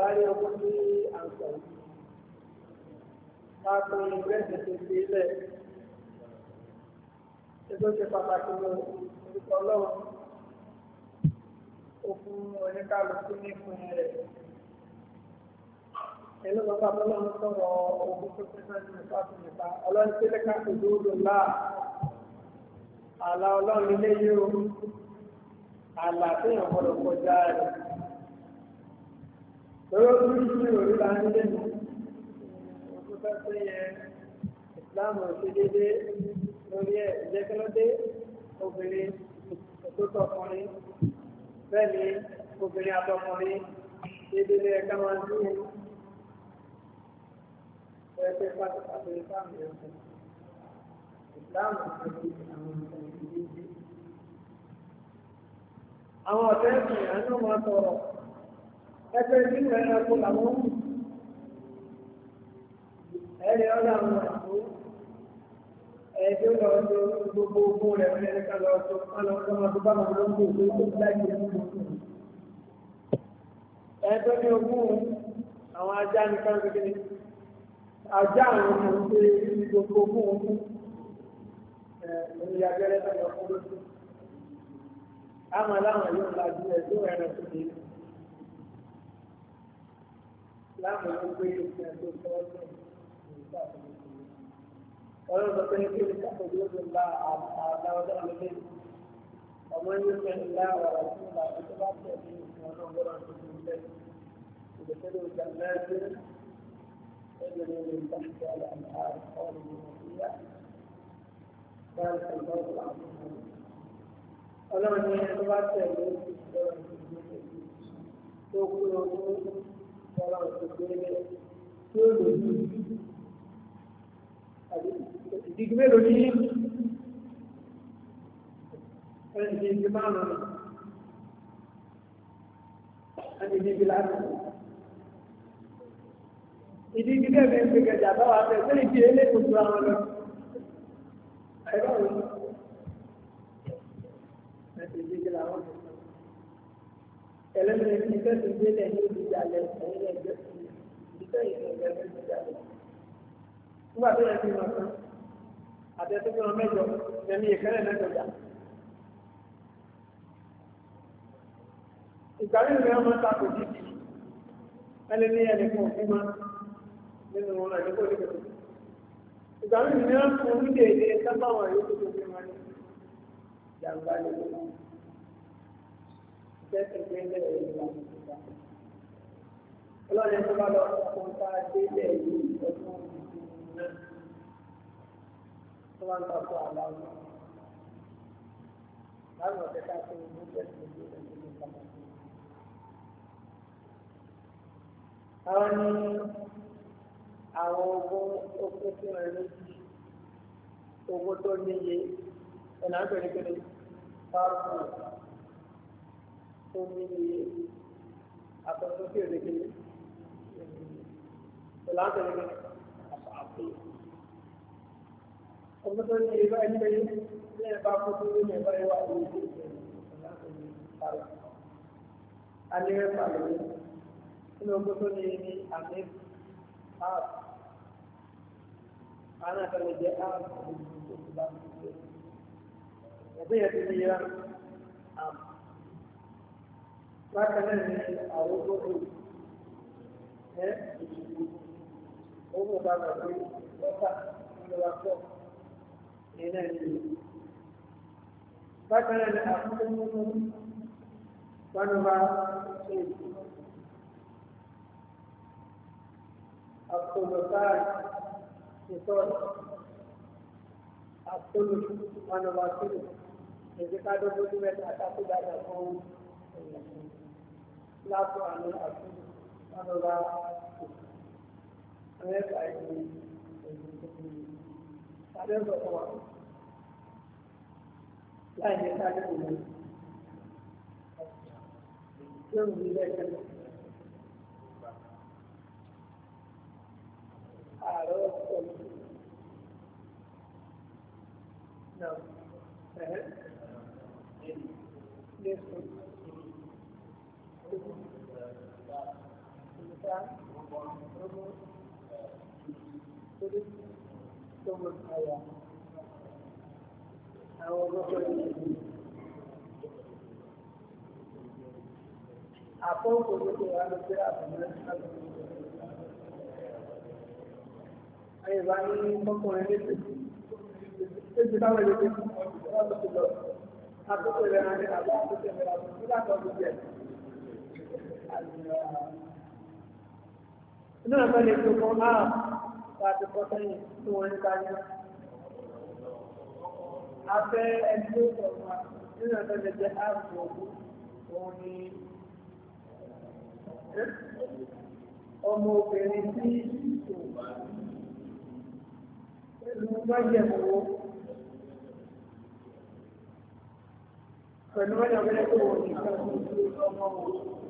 wáyé ọkùn ní àǹfààní máa tó ìrẹsì tó ti ilẹ̀ ẹgbẹ́ ṣe pàtàkì lọ orúkọ ọlọ́run ó fún oníkálukú ní fún rẹ̀ ẹlú bàbá ọlọ́run sọ̀rọ̀ ogun tó ti sẹ́yìn nípa tó nípa ọlọ́run tí lẹ́ka kò dúró láà àlà ọlọ́run ilé yìí o àlà tó yàn gbọ́dọ̀ kọjá rẹ̀ lọ́wọ́ tó ń fi òrí la ní lẹ́nu wọn tó fẹ́ pé yẹn ìsìláàmù ṣe déédé lórí ẹ̀ ìjẹ́kẹ́lódé obìnrin òtótọ́ ọkùnrin bẹ́ẹ̀ ni obìnrin àtọkùnrin déédé lé ẹ̀ka máa ń dúró ẹ̀ pé pàtàkì ìsìláàmù yẹn fún ìsìláàmù ṣe àwọn ìdíje. àwọn ọ̀tẹ́ẹ̀sì àánú máa tọrọ. ẹgbẹ́ nínú ẹranko làwọn wù ẹni ọ̀nà àwọn àpò ẹni ó lọ gbogbo rẹ̀ lọ ọ̀nà tó bá wọn lọ́gbọ̀n tó tó tó ní ogún àwọn ajá ajá àwọn ọmọ tó ṣe gbogbo ogún ogún lọ fún yóò lajú ẹ̀ tó tó dé. láàmú ló gbé ìgbà tó tọ́ ọ́sẹ̀ nígbà tó ń sọ. ọlọ́run sọ pé kí ni káfọ́ yóò fi la àdáwọ́dá lóde ọmọ yóò fẹ́ ńlá ọ̀rọ̀ fún ìlà tó bá tẹ̀ ní ìfún ọlọ́run lọ́rọ̀ tó ti ń bẹ̀. ìgbésẹ̀lẹ̀ ìjà náà dé ẹgbẹ̀rún ìlú ìtàkùn àlà àrùn ọ̀rọ̀ ìlú ọlọ́run ní ẹni tó bá tẹ̀ lórí ìjọba ìjọba tó kúrò ní yàrá òṣèlú tí ó lò ní ìdíjú mélòó ní ẹni ìdíjú márùn-ún ẹni ìdíjú láti ìdíjú kẹ́ẹ̀mẹ́ ń gbẹ̀gẹ̀ jà báwa fẹ́ sẹ́yìn tí eléyìí kò tó àwọn ẹgbẹ́ tó gbélé ní ìdíjalẹ̀ ẹ̀yìn ẹgbẹ́ tó ìgbẹ́ ìgbẹ́ ẹgbẹ́ tó jalẹ̀. nígbà tó yẹ kí n lọ sán àti ẹtí tó lọ mẹ́jọ ẹni ìkẹlẹ̀ mẹ́jọ jà. ìgbà mi ìrìn ọmọ ta kò dí di ẹni ní ẹni kan òkú ma nínú wọn ẹni kò dìbò. ìgbà mi ìrìn ọmọ orílẹ̀ èdè sábà wọn yóò tó tó fi wọn ní jàǹbá lè lọ. Thank you ọlọ́run tó bá lọ kó tá a dé ilé yìí ọdún náà tó bá ń lọ fún àlá wọn. láwọn ọ̀sẹ̀ tá a fún un ní bẹ́ẹ̀ ní ìlú ìlú ìlú ìlú àwọn ní àwọn ogún ogún tí wọn lè jí ogún tó níye ẹ̀nà àgbẹ̀rẹ̀ kẹlẹ̀ bá kú níye àtọ̀tọ̀ sí èdè kejì ìlànà èdè kejì àti ọmọ tó ní ìbá ẹni bẹ́yẹ ní ẹ̀bá fọ́tò ní ẹ̀bá ẹwà ìwé tó ṣe ìlànà èdè pàlọ́ alẹ́ pàlọ́ nínú ọmọ tó ní ní àmì áàp àwọn àtàlẹ̀ jẹ́ áàp ọmọ tó ti bá ẹgbẹ́ yẹn ti ní yẹra áàp. bákan náà ní àwọn gbọ́dọ̀ ń lọ pọ̀ ní náà ní ìlú. bákan náà wọn bá ṣe ìdìbò. الثلثان ثلث الثلث láàtọ̀ àmì àti àdọ́lá ẹ̀ẹ́dà ìlú ẹ̀yìn tuntun adẹ́sọ̀ fún Àkókò ló ti wà lókè àbùmọ́ Ayé bá ní ọkùnrin náà bá lè tó kan áà láti kọ́ sẹ́yìn tí wọ́n ń kárí. Afẹ́ ẹni tó sọ̀rọ̀ wa nínú ẹ̀fẹ́ lè jẹ́ áàpù ọ̀gbọ́n òun ni ọmọ obìnrin tí kò bá pẹ̀lú májẹ̀mọ́ pẹ̀lú pẹ̀lú ọmọ obìnrin tó wọ̀ nìkan tó ọmọ òun.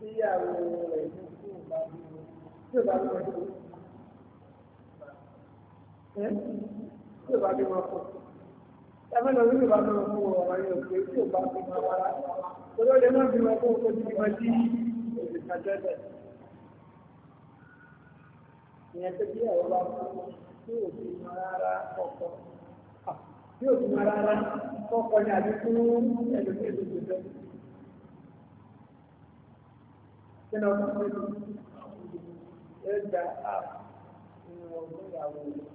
síyàwó rẹ̀ ní kí o bá bí o tí o bá bí o tó ẹ tí o bá bí o kọ ẹgbẹ́ lọ sí o bá bí o kọ ọ̀rọ̀ yẹn o pé tí o bá bí o kọ ara torí o lè má bí o kọ o tó ti ma jí òsì kájọ ẹ̀ ìyẹn tó bí ẹ̀rọ bá kú tí o bí ma rárá ọkọ tí o bí ma rárá ọkọ ni àbí fún ẹlòmíràn tó kí ni ọdún pẹ̀lú ẹgbà nínú ọdún ìyàwó rẹ̀.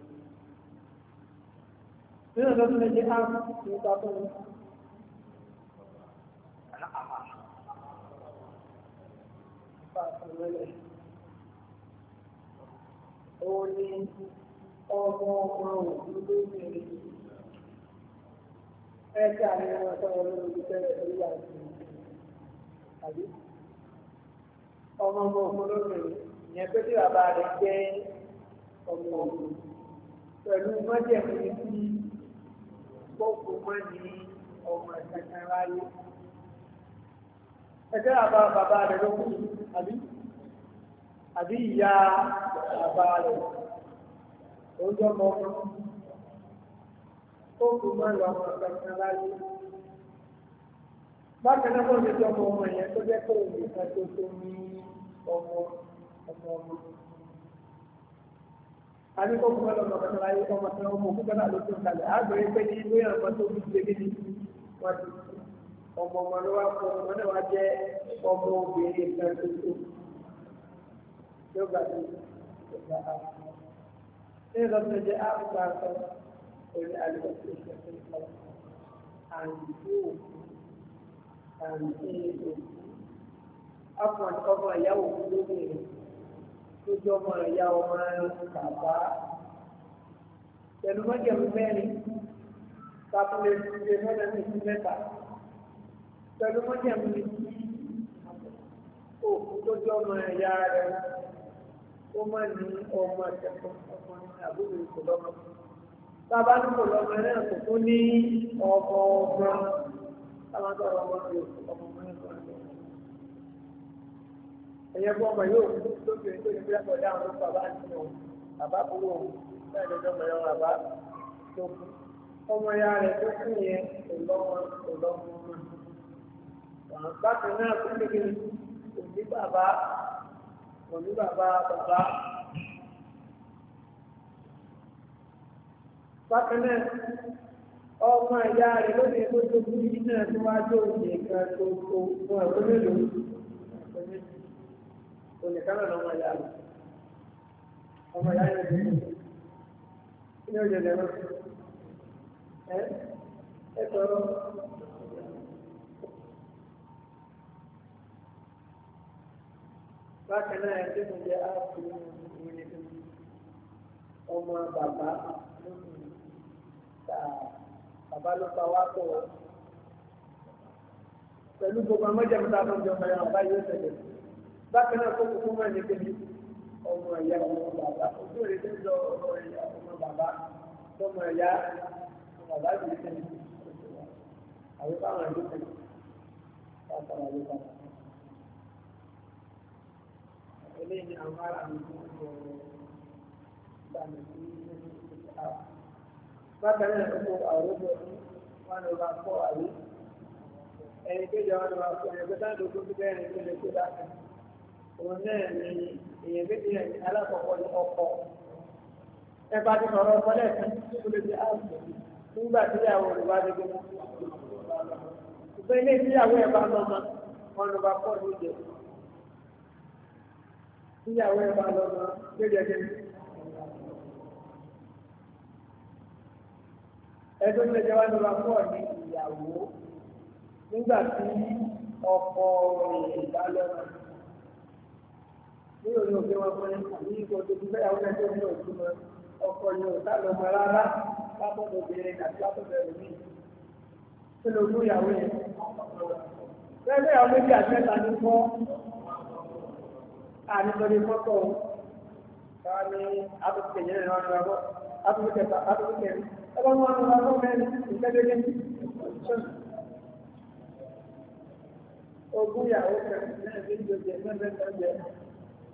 nínú ọdún méjì á ní ipa mi. Òun ni ọmọ ọmọ òkú ló ń bèrè ẹ̀ka àwọn ọmọ ọmọ olùkọ́ ẹ̀ka ìlú àti àdúgbò ọmọ ọmọ ògbólógbòó ìyẹn pé tí bàbá rẹ̀ jẹ́ ọmọ ògbólógbòó pẹ̀lú mọ́jẹ̀mú ní kí gbogbo mọ́ ní ọmọ ìtẹ̀kẹ́ ráyé. Ẹgbẹ́ àbá bàbá rẹ̀ ló kú àbí àbí ìyá bàbá rẹ̀ oúnjẹ ọmọ ọmọ gbogbo mọ́ ní ọmọ ìtẹ̀kẹ́ ráyé. Bákan náà wọ́n ti jọ ọmọ ọmọ yẹn tó jẹ́ pé òun ìtẹ̀kẹ́ tó ní ọmọ ọmọ ọmọ. a ní kó fún ọ lọ́nà ọ̀kan láyé ọmọ tí wọ́n mú kó gbọ́dọ̀ ló tó kalẹ̀ á gbé pé ní ìwé ọ̀pọ̀ tó fi ṣe kí ni wọ́n ti ọmọ ọmọ afọ̀n ọmọ ìyàwó lóbìnrin tó jọ ọmọ ìyàwó máa ń bàbá pẹ̀lú mọ́jẹ̀mú mẹ́rin tábìlẹ̀ ìdílé mọ́jẹ̀ mi sí mẹ́ta pẹ̀lú mọ́jẹ̀mú mi sí òkú tó jọ ọmọ ìyá rẹ̀ ó máa ní ọmọ ìjẹ̀kọ́ ọkùnrin àbúrò ìkọlọ́mọ bàbá ní kọlọ́mọ náà kò tún ní ọmọ ọgbọ́n táwọn tó ọmọ ìyókù ọmọ ẹ̀yẹ fún ọmọ yóò fún lóbi ẹni tó ní bí ẹ̀kọ́ dáhùn ló bàbá nínú o bàbá kúrò o bẹ́ẹ̀ ló dọ́mọ yọ bàbá tó kú ọmọ ya rẹ̀ tó kú yẹn kò lọ́mọ kò lọ́mọ mọ́ bákan náà tó ní kí kò ní bàbá kò ní bàbá bàbá bákan náà ọmọ ìyá rẹ̀ lóbi tó tó kú yìí náà tó wá jó òye kan tó tó fún ẹ̀kọ́ mélòó onìkanáà lọ́mọ ìyá rẹ̀ ọmọ ìyá rẹ̀ dé kí ni ó yẹ lẹ́nu ẹ ẹ tọrọ bákan náà ẹ tí mo jẹ áàpù ìwé ní ọmọ bàbá lónìí tá bàbá ló pa wá pọ̀ pẹ̀lú gbogbo àwọn mi tá a fọ́n ọmọ yàrá báyìí ó tẹ̀lé bákan náà kó kókó mọ́ ẹni kejì ọmọ ẹ̀yà ọmọ bàbá ojú rẹ̀ ti ń lọ ọmọ ẹ̀yà ọmọ bàbá ọmọ ẹ̀yà ọmọ bàbá yìí ti ń lọ àwọn báwọn ẹ̀yà ti ń lọ bàbá yìí bàbá. eléyìí ni àwọn ará mi tó ń lọ ìgbàlè sí ilé ìgbà. bákan náà kó kó àwòrán bọ̀ wọn lọ bá kọ́ àwé ẹni kéjọ wọn lọ bá kọ́ ẹni pé táwọn tó tó bẹ́ẹ̀ ni kí lè kó dáa òun náà ni èèyàn méjì ẹni alákọ̀ọ́kọ́ ní ọkọ ẹ bá ti sọ̀rọ̀ ọkọ lẹ́ẹ̀kan tó lè fi áàbò nígbà tí ìyàwó rẹ̀ bá dé gbogbo ìgbẹ́ ilé ìyàwó ẹ̀ bá lọ́mọ ọ̀nà bá pọ̀ lóde ìyàwó ẹ̀ bá lọ́mọ lóde ẹjọ́ tó lè jẹ́ wá ní ọba pọ̀ ní ìyàwó nígbà tí ọkọ rẹ̀ bá lọ́mọ ní òní òfin wọn fún àbí ikọ̀ tó ti fẹ́yàwó ẹgbẹ́ ní òtún mọ ọkọ̀ ni ò sá lọ́mọ rárá lábọ́dọ̀ obìnrin àti lábọ́dọ̀ ẹ̀mí kí ló mú ìyàwó yẹn. bẹ́ẹ̀ bẹ́ẹ̀ ọmọ méjì àti mẹ́ta ní kọ́ àníkọ́ni mọ́tò káà ní àtúntò yẹn ní ọ̀nà ọ̀rọ̀ àtúntò kẹta àtúntò kẹrin ẹgbẹ́ wọn ní ọ̀nà mẹ́rin ogún ìyàwó kẹrin náà ní ìjọba ẹ̀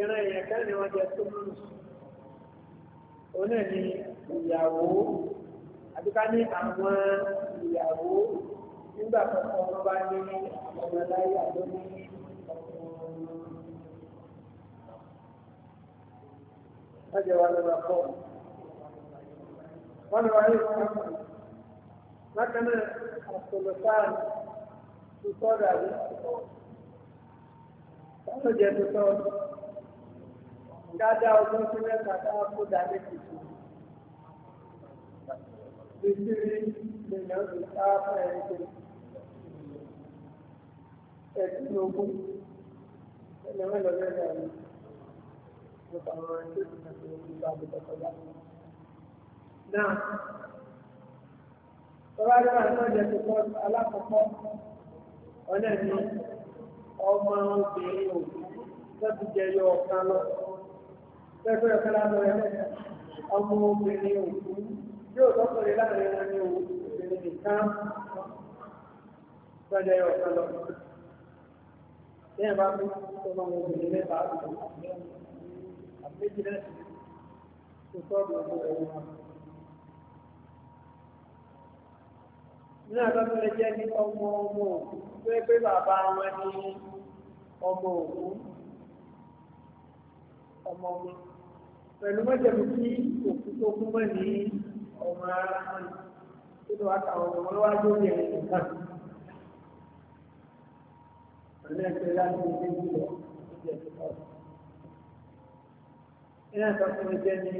ìran èèyàn kan ni wọ́n jẹ tó mú òun náà ni ìyàwó àti ká ní àwọn ìyàwó nígbà kọ̀ọ̀kan wọn bá ní ọmọ láyé àdóní wọ́n jẹ wà lọ́wọ́ pọ̀ wọ́n lọ́wọ́ ayé wọn bákan náà àtọ̀lọ́sáà ti sọ́dà yìí wọ́n lọ jẹ tuntun dada ọdún tí mẹ́ta dá kó dání tuntun. Bíbélì lèèyàn ti ká fẹ́ẹ́ ṣe ẹ̀sìn ogún ẹ̀yàn mẹ́lọ mẹ́ta ni mo bá wọn ṣe ìrìnàjò ogún bá mi tọ́kọ dá. Náà tọ́lá ní àwọn ọ̀dẹ tó kọ́ alákọ̀ọ́kọ́ ọ̀nà ẹ̀mí ọmọ obìnrin òkú tó ti jẹyọ ọ̀kan lọ. pẹ́pẹ́ ọ̀kan lábọ̀ rẹ̀ ọmọ obìnrin òkú yóò tọ́kọ̀rẹ́ láàrin wọn ní obìnrin nìkan pẹ́lẹ́ ọ̀kan lọ. Bẹ́ẹ̀ bá ọmọ obìnrin mẹ́ta àbẹ́jì náà kò sọ́ọ̀bù ọmọ ẹ̀wọ̀n wọn. Ní lè jẹ́ ní ọmọ ọmọ òkú pé pé bàbá wọn ní ọmọ òkú ọmọ pẹ̀lú mọ́jẹ̀mú kí òkú tó kú mọ́ ní ọmọ ara wọn tó lọ àtàwọn ọmọ lọ́wọ́ lórí ẹ̀yìn nìkan. pẹ̀lú ẹgbẹ́ láti ilé ìlọ ìjẹ́ ìtọ́. iná ìtọ́kùnrin jẹ́ ní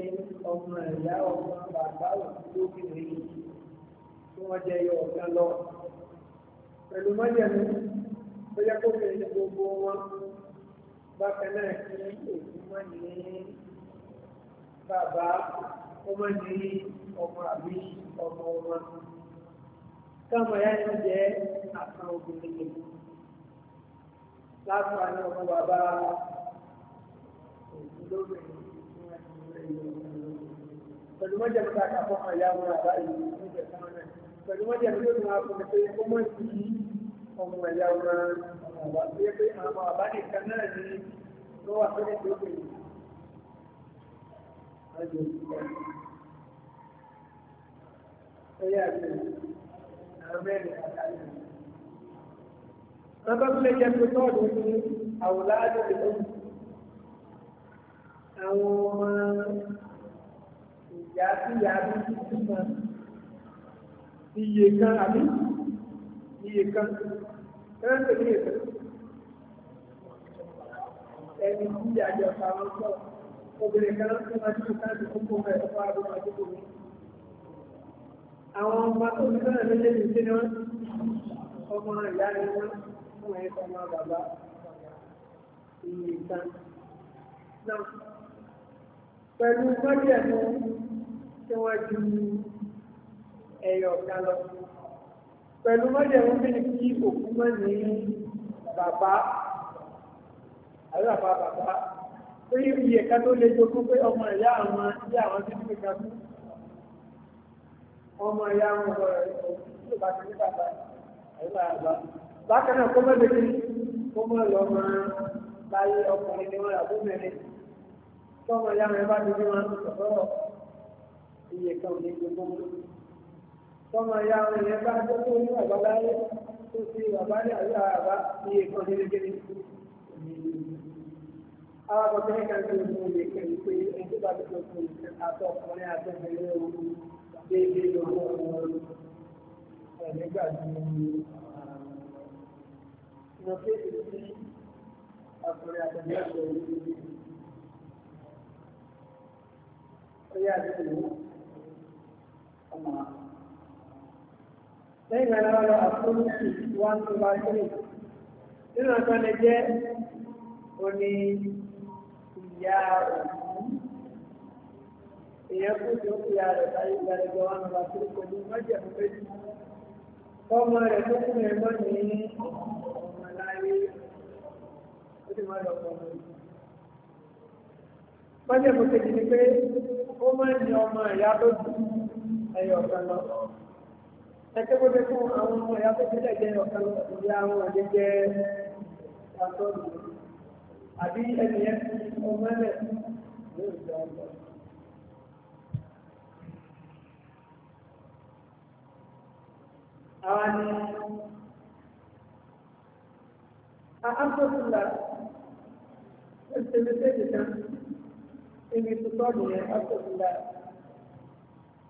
ọmọ ẹ̀yà ọmọ bàbá òkú lóbìnrin tí wọ́n jẹ́ yọ ọ̀gá lọ. pẹ̀lú mọ́jẹ̀mú ó yẹ kó fẹ́ gbogbo wọn bákan náà kí òkú mọ́ ní bàbá ọmọ ní ọmọ àbí ọmọ ọmọ káàmọ̀ yá ni jẹ́ àtàn obìnrin yìí láǹfààní ọmọ bàbá òṣèlóbìnrin pẹ̀lú mọ́jà tó dáa kápọ́ kan yá wọn àbá ìlú níjẹ̀ sáwọn náà pẹ̀lú mọ́jà tó dáa kápọ́ kan pé ó mọ̀ sí ọmọ ẹ̀yà wọn àbá pé àwọn àbá nìkan náà ni wọ́n wà sórí ìdókòwò Bàbá tó lè jẹ́ pé tọ́ọ̀dù ní àwòláàdì ìlú àwọn ọmọ ìyá sí ìyá bí títí kan iye kan àbí iye kan ẹ̀rọ tó ní ètò ẹni tí ìyá jọ pàmò sọ̀rọ̀ obìnrin kan tó máa dúró sáàtì fún fún ẹ̀ ọ̀pá àbúrò àdúgbò mi. Àwọn ọmọ tó ní sọ́nà méjèèjì sí ni wọ́n ọmọ ìyá ni wọ́n fún ẹ̀ ọmọ bàbá ìyè ìta. Náà pẹ̀lú bọ́dí ẹ̀mú tí wọ́n ju ẹ̀yọ̀ ọ̀gá lọ. Pẹ̀lú bọ́dí ẹ̀mú bí ni kí òkú mọ́ ní bàbá àbí bàbá bàbá pé ibi ẹ̀ka tó lè jogún pé ọmọ ìyá àwọn ilé àwọn tí wọ́n ga fún ọmọ ìyá àwọn ọ̀rọ̀ rẹ̀ tó bá ti ní bàbá ẹ̀rọ àgbà. Bákan náà kó mọ́ lè fi kó mọ́ lọ máa láyé ọkùnrin ni wọ́n rà fún mẹ́rin. Tọ́mọ ìyá rẹ̀ bá ti ní wọn sọ̀rọ̀ iye kan ò ní jogún. Tọ́mọ ìyá rẹ̀ yẹn bá tó tó ní bàbá láyé tó ti bàbá ní àyè àbá iye kan ò ní jogún àwọn ọkùnrin kan tó ń fún mi kẹ́ ń pé ẹni tó bá ti tó fún mi àtọ ọkùnrin àti obìnrin ooru déédéé lọ́wọ́ ooru ẹ̀ nígbà tí mo fi èsì sí ọkùnrin àti obìnrin ooru. Ó yà sí ìlú ọmọ. Lẹ́yìn náà lọ́wọ́ lọ àfúrúsì one two Nínú ọ̀sán òní ìyá òun èèyàn kú tí ó fi ìyá rẹ̀ sáyé ìgbàlejò wọn lọ sí pẹ̀lú májèmú méjì ọmọ rẹ̀ tó kún ẹ̀ mọ́ ní ọmọ láyé ó sì má lọ pọ̀ mọ́ ní. májèmú kejì ni pé ó máa ń ní ọmọ ìyá tó ju ẹyọ kan lọ ẹgbẹ́ bó ṣe fún àwọn ọmọ ìyá tó ti lẹ̀ ọ̀kan lọ ìyá àwọn àjẹjẹ́ àtọ́jú àbí ẹni yẹn fi ọmọ ẹlẹ yóò jẹ ọmọ. àwa ni àásọ̀tìlà ẹsẹ̀mẹsẹ̀jì kan ibi tuntun ọ̀dùn yẹn àásọ̀tìlà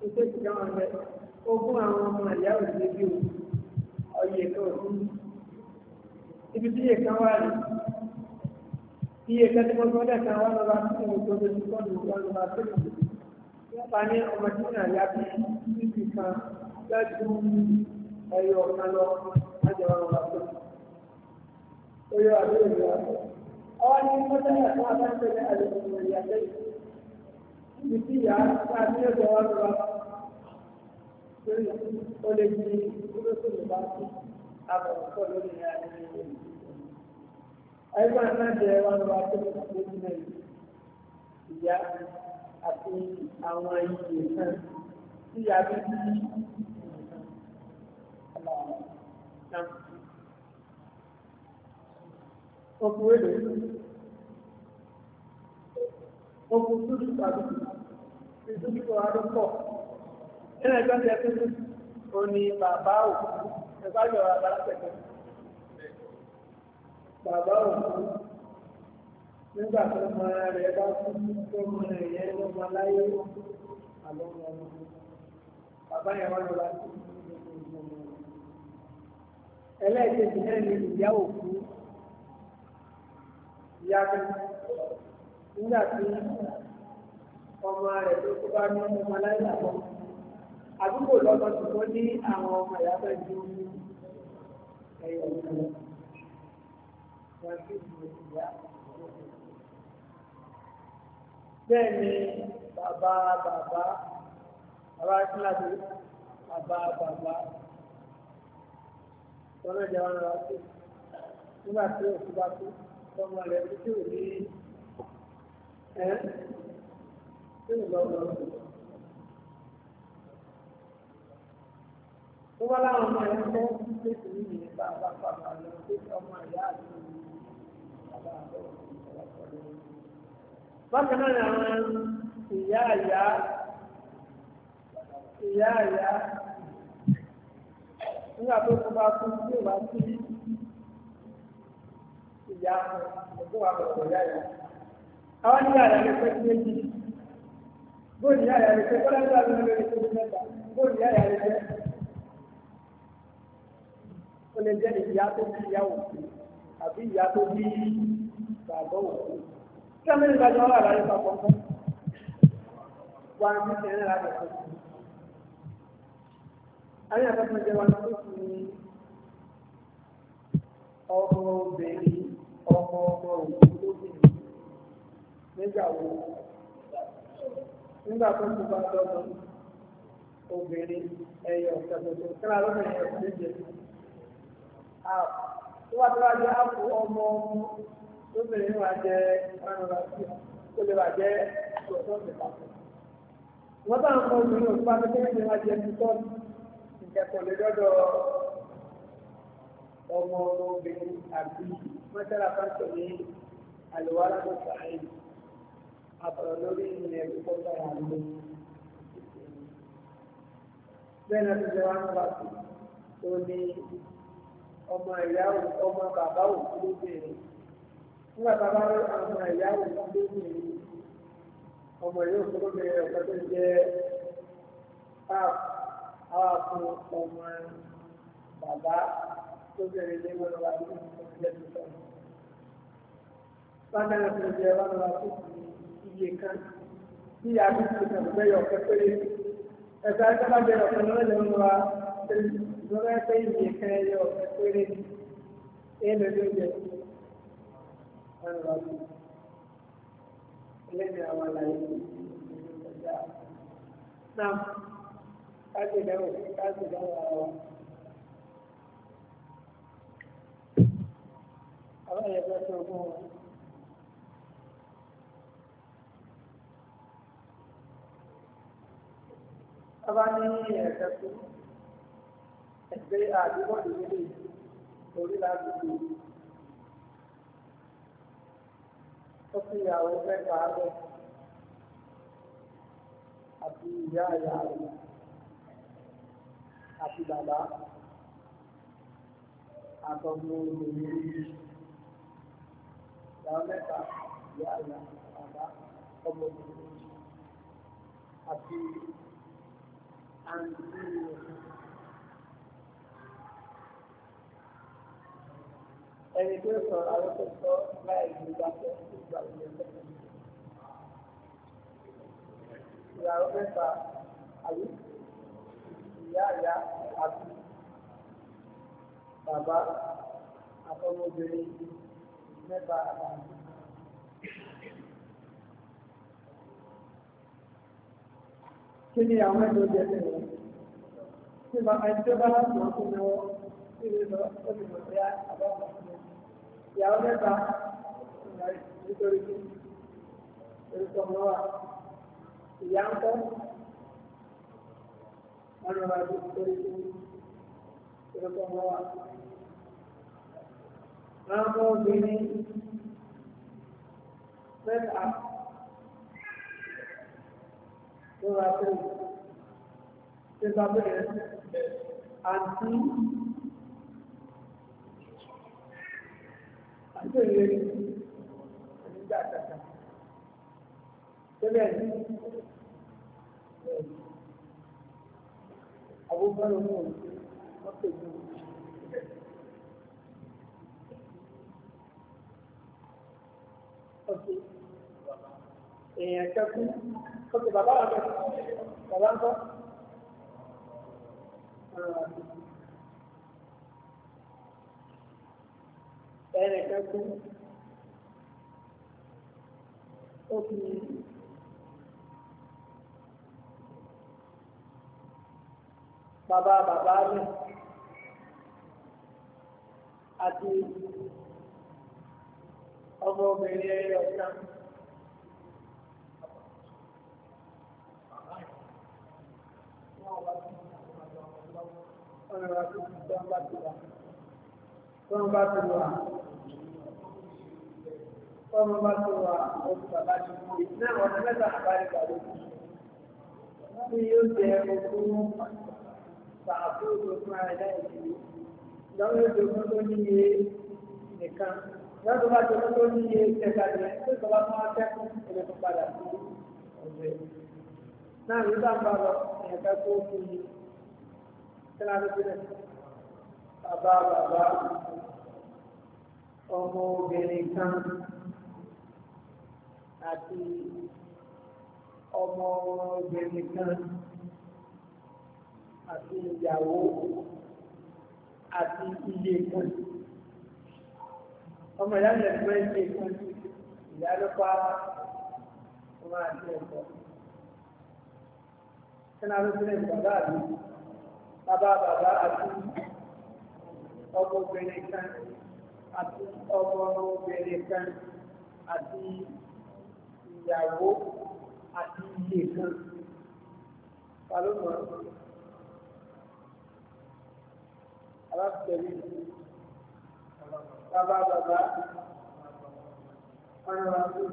ìṣèjì kan wọn bẹ ogún àwọn ọmọ ìyá òṣèlú ọyẹ kan òṣèlú ibi tí yẹ kan wà rí iye kan tí wọ́n tó dẹ̀ kan wọ́n lọ́ba tó ń tó tó tó tó wọ́n lọ́ba tó tó nípa ní ọmọ tí náà yá bí níbi kan lẹ́dùn ẹyọ kan lọ lájọ wọn lọ́ba tó tó yọ àbúrò ìlú àbọ̀. ọwọ́ ní mọ́tẹ́lẹ̀ fún abáńtẹ́lẹ̀ àlejò ìyá lẹ́yìn níbi tí ìyá ká ní ọjọ́ wọn lọ́ba lórí ó lè di kúrò tó lè bá tó àbọ̀ tó lórí ìyá lẹ́yìn ẹgbẹ́ anájẹ wa ń wá tó kókó sílẹ̀ ìyá àti àwọn ìyè náà tí a bí bí ọkùn èdè ọkùn túdú tàbí ìdúdúkọ arúgbọ ẹnìkan tí a tún ní bàbá òkú ẹgbẹ́ àjọ àbálá pẹ̀lú bàbá òkú nígbà tó mọ ara rẹ̀ bá kú tó mọ rẹ̀ yẹn ló mọ láyé àlọ́ mọ ọmọ bàbá yẹn wá lọ́la sí ẹlẹ́ẹ̀kejì náà ni ìyá òkú ìyá tó nígbà tí ọmọ rẹ̀ tó kó bá ní ọmọ láyé àbọ̀ àdúgbò lọ́dọ̀ tó ní àwọn ọmọ ìyá bẹ́ẹ̀ ju ẹ̀yọ̀ ìgbà bẹ́ẹ̀ ni bàbá bàbá bàbá kíláàsì bàbá bàbá tọ́lá ìjà wọn lọ sí nígbà tí òkú bá kú tọ́mọ rẹ̀ kú tí ní ẹ́ tí ò lọ lọ sí. bá láwọn ọmọ ẹ̀ ń tọ́ sí ìlú bákan náà àwọn ìyá ìyá ìyá ìyá nígbà tó kú bá kú tí ò bá sí ìyá ọ̀gbọ́n wa bọ̀rọ̀ ìyá ìyá àwọn nígbà ìyá rẹ̀ pẹ́ sí méjì bóyá ìyá ìyá rẹ̀ pẹ́ kọ́lá nígbà tó ń lè ṣe ní mẹ́ta bóyá ìyá ìyá rẹ̀ pẹ́ ó lè jẹ́ ìyá tó bí ìyá òkú àbí ìyá tó bí bàbá òkú kí ọmọ nígbà tí wọ́n wà láyé papọ̀ fún wa ní ìṣẹ̀lẹ̀ láti fún un. Àwọn àkọ́kọ́ jẹ́ wọn tó fi ọmọ obìnrin ọmọ ọmọ òkú lóbìnrin nígbà wo nígbà tó ti bá dọ́gbọ́n obìnrin ẹyọ ṣàtúntò kíra lóbìnrin ẹ̀kọ́ méje. Àwọn tó wá tó wá jẹ́ àpò ọmọ ọmọ tó bẹ̀rẹ̀ ní wàá jẹ́ kó lè wàá jẹ́ ìṣòṣọ́ọ̀sì papọ̀. wọ́n bá ń kọ́ obìnrin òṣùpá tó kéré ní wàá jẹ́ ìṣòṣọ́ọ̀sì lè dọ́dọ̀ ọmọ obìnrin àbí mọ́tàlá pásítọ̀ ní àlùwárà tó sàáyé àbọ̀rọ̀ lórí ilẹ̀ ìkọ́ sára lọ. bẹ́ẹ̀ náà ti jẹ́ wá sí tó ní ọmọ ìyá ọmọ bàbá òkú lóbìnrin nígbà tá a bá rẹ àwọn ẹ̀yà rẹ̀ tó ń bí ọmọ yìí ó fọwọ́ bẹ̀rẹ̀ ọ̀pẹ tó ń jẹ́ àwọn àpò ọmọ bàbá tó bẹ̀rẹ̀ ilé wọn wà ní ìpínlẹ̀ tó ń bá náà tó jẹ́ wọn wà tó iye kan bí àdúgbò kan bẹ́yọ̀ ọ̀pẹ péré ẹ̀ka ẹ̀ka bá bẹ̀rẹ̀ ọ̀pẹ lọ́wọ́ lẹ́nu wa lọ́wọ́ ẹ̀ka iye kan ẹ̀yọ̀ ọ̀pẹ ọ̀rọ̀ ọ̀gbìn ẹlẹ́ni àwọn àlàyé ìgbésẹ̀ náà káàkiri dáwọ̀ káàkiri dáwọ̀ ara wa. àwọn èèyàn bá tó ogún wọn. Ọba ní ẹ̀ẹ́dẹ́ tó ẹgbẹ́ àdúgbò ìwé lórí láti fi tó fi ìyàwó mẹ́ta lọ àti ìyá ìyá rẹ̀ àti bàbá àtọ̀gbọ̀n obìnrin ìyàwó mẹ́ta ìyá ìyá bàbá ọmọ obìnrin àti àǹtí rẹ̀. ẹni tó sọ àwọn tó sọ láì ní ìgbàgbọ́ ìgbà ìgbà ìyàwó mẹ́ta àbí ìyá ìyá àbí bàbá àtọmọbìnrin mẹ́ta àbí. Kí ni àwọn ẹgbẹ́ ọjọ́ ẹgbẹ́ wọn? Ṣé bàbá ẹni tó bá láti wọ́n fún mi wọ́n? Ṣé ìwé lọ, ó ti mọ̀ sí àbáwọ̀ ìyàwó mẹ́ta nítorí kí orúkọ ọmọ wa ìyá ń kọ́ wọn lọ wá sí nítorí kí orúkọ ọmọ wa. Máa mú obìnrin mẹ́ta ló wá sí ìgbà bẹ́ẹ̀ àti. àtúntò ìlẹ̀ nígbà kàkà tẹ́lẹ̀ ní àbúgbọ́n mú mọ́tò ní ọ̀sẹ̀ èèyàn kẹ́kú ọ̀sẹ̀ bàbá rẹ̀ bàbá ń bọ́. ẹnìkan kú ó fi bàbá bàbá rẹ̀ àti ọmọ obìnrin ẹyọ kan. Wọ́n bá ti wà tọ́mọ bá tó wà oṣù bàbá ti kú náà ọ̀nà mẹ́ta àbárí kàló kù. Wọ́n ní yóò jẹ ogún sàkóso fún ara ẹ̀dá ìdílé. Ìdáwọ́ yóò jẹ ogún tó níye nìkan. Ìdáwọ́ tó bá jẹ ogún tó níye tẹ̀ka rẹ̀ tó sọ bá tún wá tẹ́kùn ìrẹ́ tó padà sí ọ̀gbẹ́. Náà ló bá ń bá lọ ẹ̀ka tó kú ni. Kíláà ló fi rẹ̀. Bàbá bàbá ọmọ obìnrin kan àti ọmọ obìnrin kan àti ìyàwó àti ilé kan ọmọ ìyá ìlẹ̀ fún ẹgbẹ́ kan ìyá ló pa ọmọ àti ẹ̀kọ́ sínú arúgbìnrin bàbá àbí bàbá bàbá àti ọmọ obìnrin kan àti ọmọ obìnrin kan àti ìyàwó àti iye kan ta ló mọ̀ alábìtẹ̀lẹ̀ bàbá bàbá ọ̀rọ̀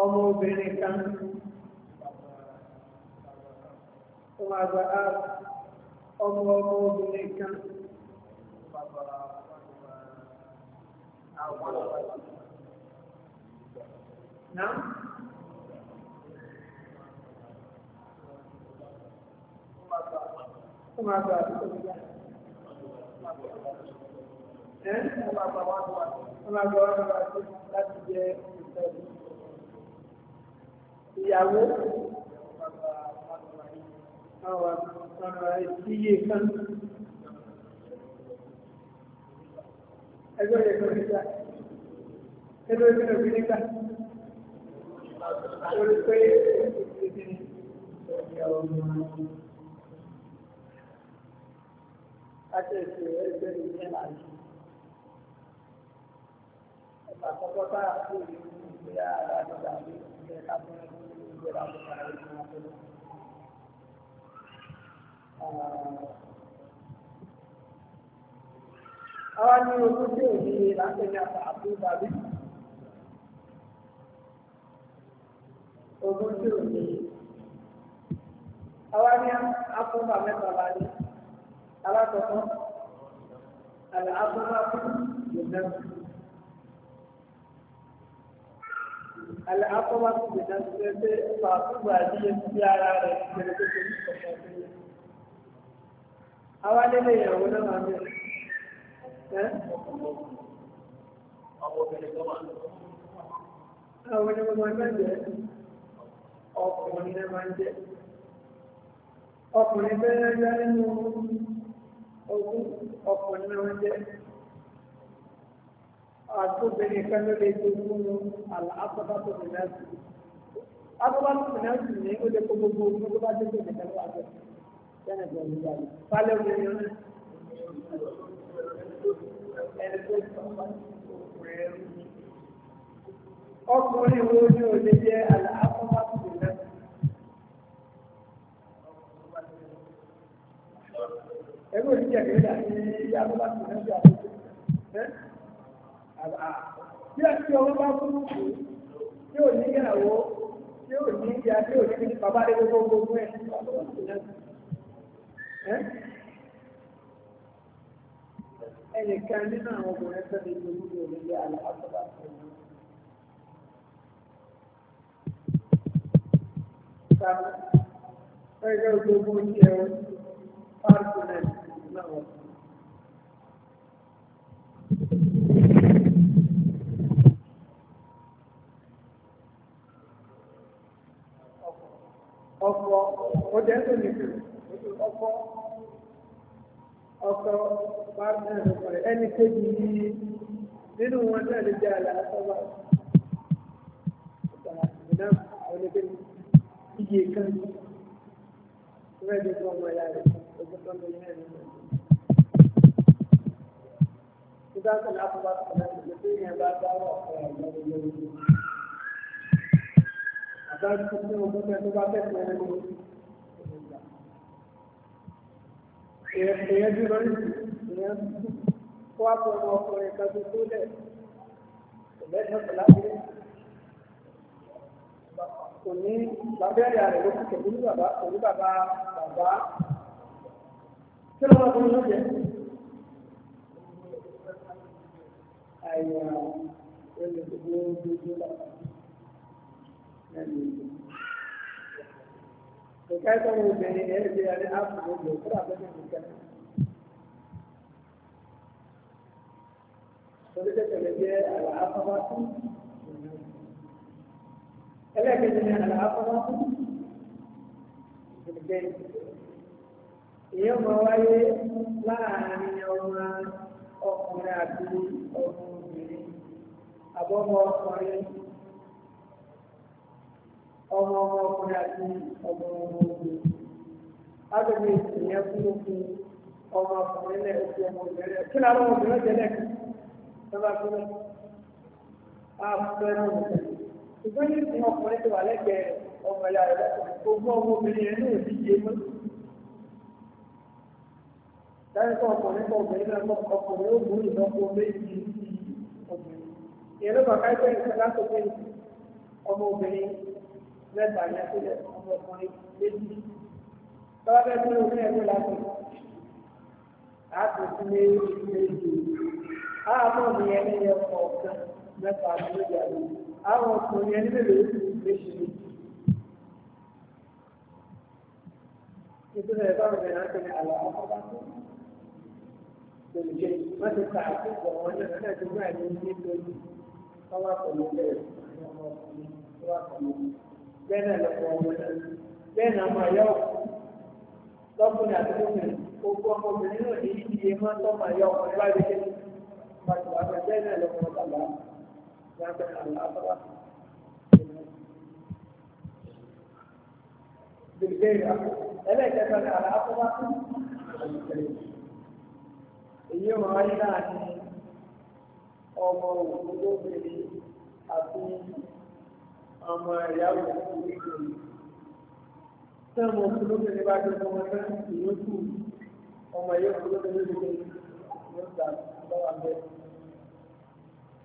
ọmọ obìnrin kan ọmọ àgbà ọmọ ọmọ obìnrin kan àwọn ọmọ àgbà náà ó máa gba àdúgbò nígbà ẹ́ ó máa gba wá wá ó máa gba wá wá láti jẹ́ òṣèlú ìyàwó àwọn ọ̀rọ̀ ìdíyè kan ẹgbẹ́ ìyẹ̀kọ̀ nígbà ẹgbẹ́ ìyẹ̀kọ̀ nígbà lórí pé láti ètò ẹgbẹ́ mi ní àyè ẹ̀ka àkọ́kọ́ tá a kú ní ìgbéra ara nígbà mi ní ẹ̀ka fún bàbí. ogún tí ò ní. Àwa ní afúnfà mẹ́ta la ní. Alákọ̀ọ́kọ́, àlẹ́ afúnfà fún Yorùbá. Àlẹ́ afúnfà fún Yorùbá ti fẹ́ pé fàáfúgbà yíyẹ sí ara rẹ̀ ìbẹ̀rẹ̀ tó ṣe ní ọ̀pọ̀ ọ̀gbìn. Àwa nílé ìyàwó náà máa ń bẹ̀rẹ̀. Àwọn obìnrin tó máa ń lọ. Àwọn obìnrin tó máa ń ọkùnrin náà máa ń jẹ́ ọkùnrin bẹ́ẹ̀ yá nínú ogún ọkùnrin náà máa ń jẹ́ àtúbìnrin kan ló lè jogún àlàáfọ́bátò mìíràn afọ́bátò mìíràn ní ó lè kó gbogbo ogún tó bá dé tó nìkan ló wà jẹ́ sẹ́nẹ̀ bọ̀ ní ìgbà yìí pálẹ̀ obìnrin náà ẹni tó sọ ọkùnrin wo ni ò lè jẹ́ àlàáfọ́ ẹgbẹ́ òní jẹ́ ìrẹ́lẹ̀ àti ilé agbọ́bá ti rẹ̀ ṣe bí a ti ọwọ́ bá fún òkú tí ò ní ìyàwó tí ò ní ìyá tí ò ní ní bàbá rẹ̀ gbogbo gbogbo ẹ̀ ẹnìkan nínú àwọn obìnrin tó ní ìlú ní orílẹ̀ àlọ́ àtọ́bà tó ní. Sáà, ẹgbẹ́ ògbógun ti ẹ̀rọ, fáàlù náà ọkọ ọjà tó ní kí ọkọ ọkọ bá ẹni kejì yìí nínú wọn náà lè jẹ àlà àtọwà ọgbà ìdá àwọn ẹgbẹ́ iye kan rẹ ló fọ ọmọ ẹ̀yà rẹ ojú tó ń bẹ ní ẹni dáńtà láti bá tó kọjá tó tó yẹn bá dáwọ́ ọ̀pọ̀ ẹ̀yọ́ lórí orí. Àdájú tó ní ogún tẹ tó bá tẹ̀sán ẹni lórí. Èèyàn dúró ní èèyàn kó àpò ọmọ ọkùnrin lẹ̀. Ìlẹ́sọ̀tọ̀ láti rí. Kò ní lábẹ́rẹ́ àrẹ̀ ló pẹ̀lú bàbá pẹ̀lú bàbá bàbá. Kí ló máa bọ́ ní àyà ẹni tó gbé ojú lọ lẹ́nu ìlú. Kòkà ẹ̀kọ́ mi bẹ̀rẹ̀ ẹ̀ ṣe ẹni áàpù gbogbo kúrò àbẹ́tẹ̀ kòkà. Tolóṣẹ́ tẹ̀lé jẹ́ àlà afọ́fá fún. Ẹlẹ́ẹ̀kejì ni àlà afọ́fá fún. Ìyẹn máa wáyé láàárín ọmọ ọkùnrin àti ọmọ àbọ̀mọ ọkùnrin ọmọ ọmọ ọkùnrin àti ọmọ ọmọ obìnrin lágbègbè ìsìnyẹn fún òfin ọmọ ọkùnrin lẹ òfin ọmọ obìnrin rẹ kí ni àwọn obìnrin jẹ lẹkùn lọba tó lẹ àfẹrẹ ọmọ ìgbẹ́ ní ìsìn ọkùnrin ti wà lẹ́gbẹ̀ẹ́ ọmọ ìyá rẹ lọ́kùnrin gbogbo ọmọ obìnrin yẹn ní òdíje mọ́ dáríkọ̀ ọkùnrin kọ̀ obìnrin lọ́kọ̀ ọkùnrin ó gbóyè lọ́kọ̀ méjì ìyẹn ló bàbá ẹgbẹ́ ìṣẹ́ lásòkè ọmọbìnrin mẹ́ta ní ẹgbẹ́ ọmọkùnrin méjì tọ́wọ́ bẹ́ẹ̀ tó ní ẹgbẹ́ lásòkè láti tún lé méjì àwọn ọmọ yẹn ní ẹ kọ ọ̀kan mẹ́ta ní méjì àbí àwọn ọkùnrin yẹn nílò méjì méjì. Nítorí ẹ̀ bá wọn bẹ̀rẹ̀ láti ní àlọ́ àkọ́kọ́ lórí ṣe wọ́n ti ta wọn ní ọ̀nà ìdúró àìní káwá pẹ̀lú bẹ́ẹ̀ káwá pẹ̀lú bẹ́ẹ̀ náà lọ́pọ̀ ọmọ náà bẹ́ẹ̀ náà máa yọ lọ́kùnrin àti lóbìnrin gbogbo ọmọbìnrin náà ní iye máa tọ́ máa yọ ọmọ ìwà ìdíje pàtàkì àti bẹ́ẹ̀ náà lọ́pọ̀ bàbá ní abẹ́ àlàáfà. Ẹlẹ́kẹ̀ẹ́ta ni àlàáfà. Èyí ò máa ń yí láàrin ọmọ òkú lóbìnrin àti ọmọ ìyàwó lóbìnrin. Tí ọmọ òkú lóbìnrin bá jẹ́ ọmọ náà ìyókù ọmọ ìyókù lóbìnrin ló gbà lọ́wọ́ bẹ́ẹ̀.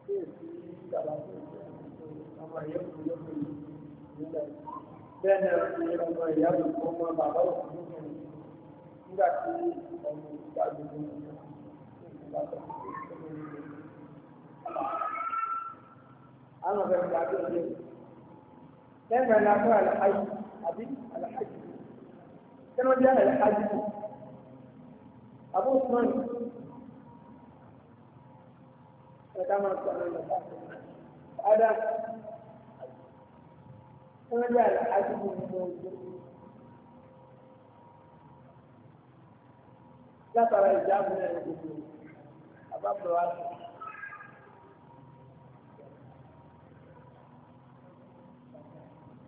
Bí èsì ìjàmbá tó ń bẹ̀rẹ̀ ọmọ ìyókù lóbìnrin nígbà bẹ́ẹ̀ ni ọmọ ìyàwó ọmọ bàbá òkú lóbìnrin nígbà tí ọmọ òkú bá jẹ́ ọmọ ìyókù lóbìnrin. أنا غير تعبير اليوم دائما نعمل على حج حبيب على حج كما جاء الحج أبو عثمان كما هذا كما جاء الحج موجود لا ترى الجاب من الوجود أبو عبد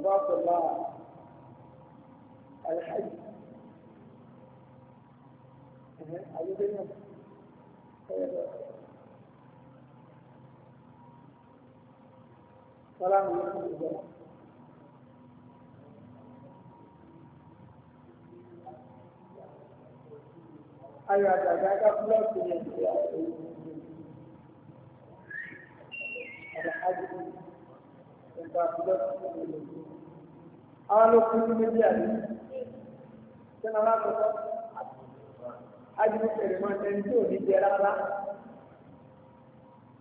أضاف الله الحج أيوة طيب. سلام عليكم الجماعة أيوة جاكا فلوس الحج àwọn olókùn ní méjì àlè sínú alákọ̀ọ́kọ́ ajínúfèrè máa ń ẹni tí ò ní jẹ rárá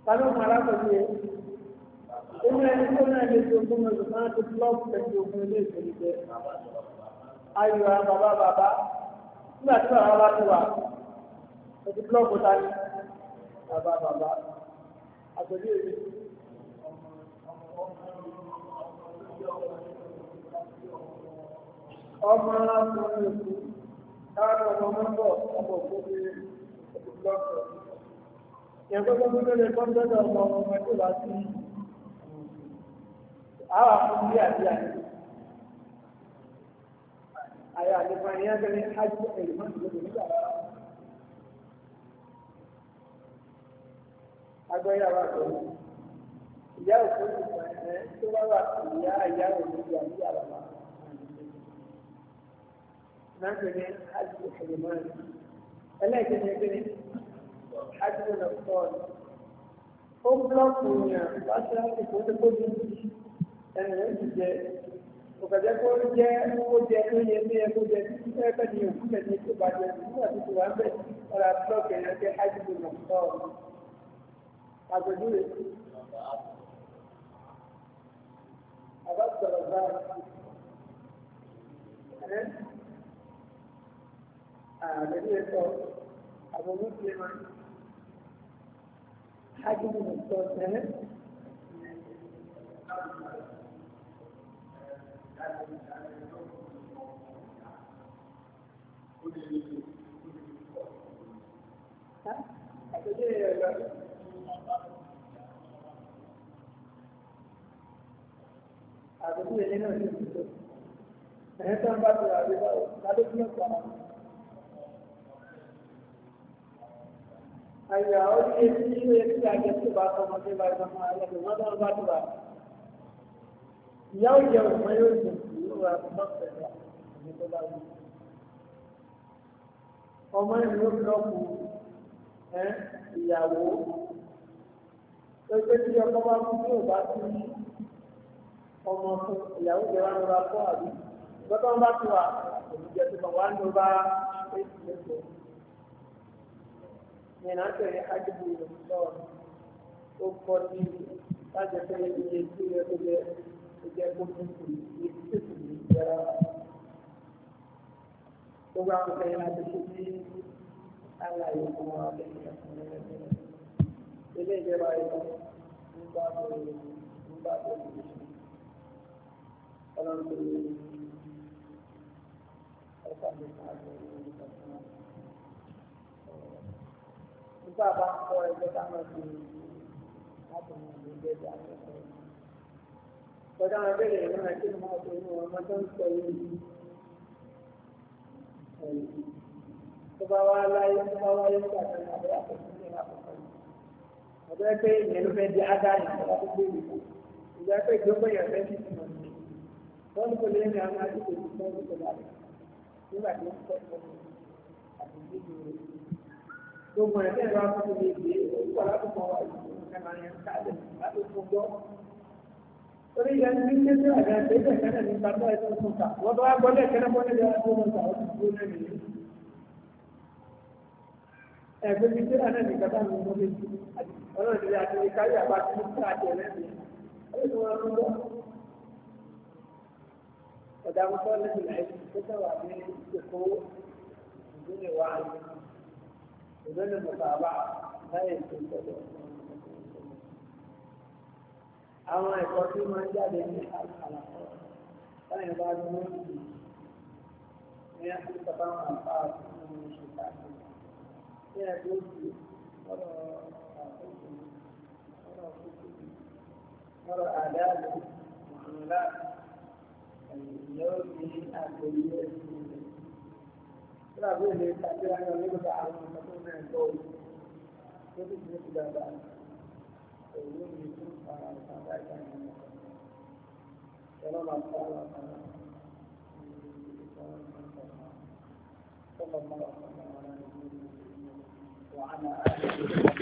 tani ó máa lákòókò yẹ inú ẹni tó náà lè fi ogún lọ ṣùgbọ́n àti búlọ́ọ̀kù pẹ̀lú ogún ilé ìfèrè jẹ ayọ̀ bàbá bàbá nígbà tí bàbá bá ti wà pẹ̀lú búlọ́ọ̀kù tani bàbá bàbá àgbẹ̀lẹ́ èyí. ọmọ ọkùnrin òkú káàkiri ọmọ mọ́tò ọmọ òkú ní ìlọ́pọ̀. Ìyẹ̀kọ́ tó tó lè kọ́ tẹ́lẹ̀ ọmọ ọmọ ẹ̀kọ́ láti àwọn akọ́kọ́ bí àti àti. Àyà àlefa ìyá gẹ́gẹ́ ájú ẹ̀yìn máa ń lò nígbà rárá. Agbẹ́yà wà lọ́wọ́. Ìyá òkú ti sàn ẹ́ tó bá wà ìyá ìyá òkú ìyá ìyá bàbá. نزل حد الحرمان ألا يتنبه حد الأبطال أبلغ من أسرع يكون كل أنا أنت òkàjẹ́ kó ń jẹ́ owó jẹ tó yẹ ní ẹgbẹ́ jẹ tí ó fẹ́ ní òkú tẹ̀lé tó bá jẹ nígbà tó ti wà ń bẹ̀ ọ̀rọ̀ àbúrò kẹ̀yàn jẹ́ hajj nàìjíríà àgbẹ̀dúró مسلما حاكم الصوت Àbúrò ilé náà ní ìdíjọ́. Ẹ̀yẹ́ tó ń bá ti rà bí báwo, lábẹ́ tí ó pa àwọn. Ayah, और ये चीज एक से आगे की बात हम अपने बारे में आया तो मत और बात बात यार यार मैं ये बात कर रहा ये तो बात और मैं लोग लोग हैं या वो तो ये चीज हम बात की बात नहीं और मैं यार जवान रात को अभी बताऊं बात हुआ मुझे तो भगवान होगा yẹn á tẹ̀lé ájúbù lọ́wọ́ ó kọ́ sí lájọ pé iye tí ó yẹ kó jẹ kó jẹ kó tún kù iye tí kò ní jẹrà gbogbo àwọn ọ̀gá yẹn láti ṣe sí àlàyé fún wa lẹ́yìn ẹ̀kọ́ lẹ́yìn ilé ìjọba ẹ̀kọ́ nígbà tó nígbà tó ní ìṣe ọlọ́run tó ní ẹ̀ka mi ká lọ ní ìgbà tó náà nígbà bá ń kọ́ ẹgbẹ́ ká máa fi láti mọ ìlú ẹgbẹ́ tí a fẹ́ sọ. Tọ́jú àwọn ẹgbẹ́ rẹ̀ náà kí ni wọ́n fi inú ọmọ tó ń sọ yìí. Tó bá wá láyé tó bá wáyé sí àtẹnudà bẹ́ẹ̀ àtẹnudà ní àkọ́kọ́ yìí. Ọ̀dọ́ ẹ pé ìyẹn ló fẹ́ di ádáyà nígbà tó gbé ìlú. Ìgbà pé ìjókòó yẹn fẹ́ ti ti mọ̀ ní. Bọ́ọ̀lù kò ní àwọn àdúgbò tó ń sọ nígbà tó ń sọ gbogbo ẹ̀ bẹ́ẹ̀ bá tó lè gbé orúkọ látọ̀kọ̀ wà lóṣù kẹta yẹn kálẹ̀ látọ̀kọ̀ gbọ́. torí ìyá ní bíi tẹ́tẹ́ àgbà tẹ́tẹ́ kẹ́lẹ̀ ní ìgbà tó ẹ̀ tó tún ta wọ́n tó wá gbọ́dẹ̀ kẹ́lẹ́ bọ́dẹ̀ yà tó tún ta ó ti وذل المتابعة لا يمكن أما يقول في من جاء به حال على فإن بعض المسلمين يحمل تقام الألفاظ من الشيطان يقول في وراء وراء وراء آداب وعملات اليوم من أكل láàbí èlé tàbí ayọ̀ nígbà àwọn ọmọ tó náà lọ òun tó ti fi ti dàgbà òun ló ní fún ara ọ̀tá